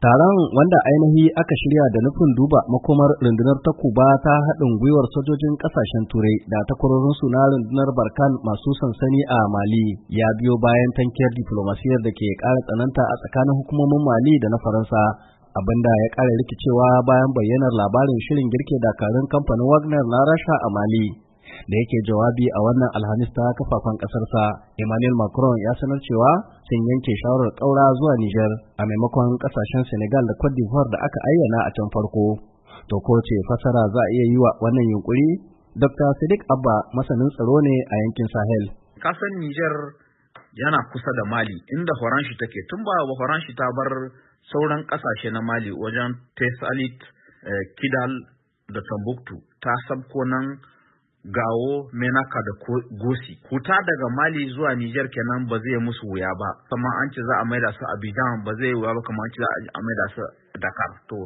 Taron wanda ainihi aka shirya da nufin duba makomar rundunar takuba ta haɗin gwiwar sojojin ƙasashen turai da su na rundunar Barkan masu sansani a Mali ya biyo bayan tankiyar diplomasiyar da ke ƙara tsananta a tsakanin hukumomin Mali da na Faransa. Abinda ya ƙara rikicewa bayan bayyanar labarin shirin girke dakarun kamfanin Wagner na Rasha a Mali. Da yake jawabi a wannan Alhamis ta kafafen ƙasarsa, Emmanuel Macron ya sanar cewa sun yanke shawarar ƙaura zuwa Nijar a maimakon ƙasashen Senegal da Cote d'Ivoire da aka ayyana a can farko. To ko ce fasara za a iya yi wa wannan yunkuri? Dr. Sadiq Abba masanin tsaro ne a yankin Sahel. Kasan Nijar yana kusa da Mali inda Faranshi take tun ba wa ta bar sauran ƙasashe na Mali wajen Tessalit, eh, Kidal da Tambuktu ta sabko nan gawo menaka da gosi huta daga mali zuwa niger kenan ba zai musu wuya ba kamar an ce za a maida su abidjan ba zai wuya ba kamar an ce za a maida su dakar to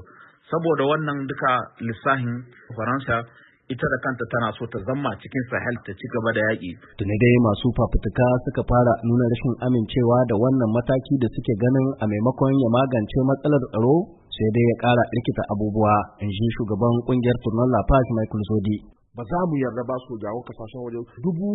saboda wannan duka lissahin faransa ita da kanta tana so ta zama cikin sahel ta ci gaba da yaƙi. Tuni dai masu fafutuka suka fara nuna rashin amincewa da wannan mataki da suke ganin a maimakon ya magance matsalar tsaro sai dai ya ƙara rikita abubuwa in ji shugaban ƙungiyar turnon lafash michael sodi ba za mu yarda ba su jawo kasashen waje dubu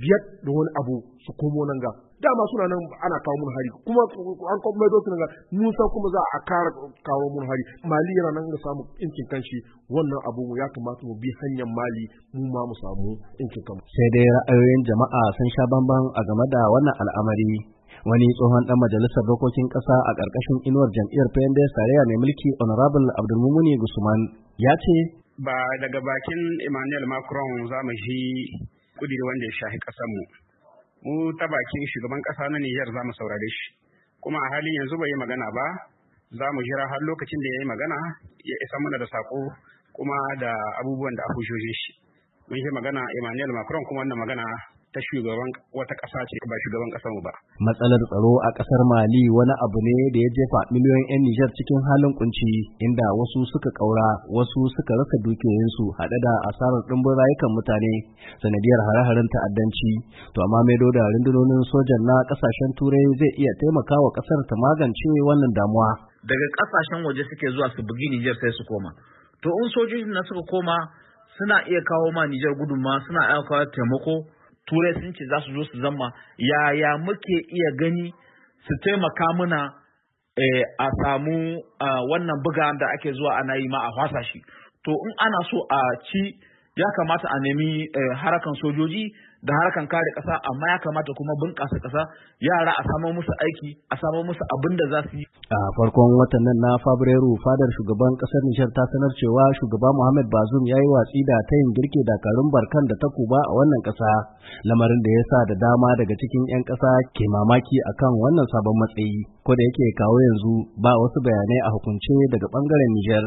biyar da wani abu su komo nan ga dama suna nan ana kawo mun hari kuma an kuma mai dokin ga musa kuma za a kara kawo mun hari mali yana nan ga samu incin kanshi wannan abu ya kamata mu bi hanyar mali mu ma mu samu incin kanmu sai dai ra'ayoyin jama'a sun sha bamban a game da wannan al'amari wani tsohon dan majalisar dokokin kasa a ƙarƙashin inuwar jam'iyyar PNDS tarayya mai mulki honorable Abdulmumuni Gusman ya ce ba daga bakin Emmanuel Macron za mu shi kudiri wanda ya shahi ƙasarmu. Mu ta bakin shugaban kasa na Nijar za mu saurare shi. Kuma a halin yanzu bai yi magana ba, za mu jira har lokacin da ya yi magana ya isa mana da saƙo kuma da abubuwan da a shi. Mun yi magana Emmanuel Macron kuma wannan magana ta shugaban wata ƙasa ce ba shugaban ƙasar mu ba. Matsalar tsaro a ƙasar Mali wani abu ne da ya jefa miliyoyin 'yan Nijar cikin halin kunci inda wasu suka ƙaura wasu suka rasa dukiyoyinsu haɗe da asarar ɗumbin rayukan mutane sanadiyar hare-haren ta'addanci. To amma maido da rundunonin sojan na ƙasashen Turai zai iya taimaka wa ƙasar ta magance wannan damuwa. Daga ƙasashen waje suke zuwa su bugi Nijar sai su koma. To in sojojin na suka koma suna iya kawo ma Nijar gudunma suna iya kawo taimako turai sun ce za su zo su zama yaya muke iya gani su taimaka muna eh, a samu ah, wannan buga da ake zuwa ana yi ma a fasa shi to in ana so a ci ya kamata a nemi eh, harakan sojoji da harakan kare ƙasa amma ya kamata kuma bunƙasa ƙasa yara a samar musu aiki a samar musu abin da za su yi. a farkon watan nan na fabrairu fadar shugaban ƙasar nijar ta sanar cewa shugaba muhammad bazum ya yi watsi da ta yin girke dakarun barkan da ta kuba a wannan ƙasa lamarin da ya sa da dama daga cikin 'yan ƙasa ke mamaki akan wannan sabon matsayi ko da yake kawo yanzu ba wasu bayanai a hukunce daga bangaren nijar.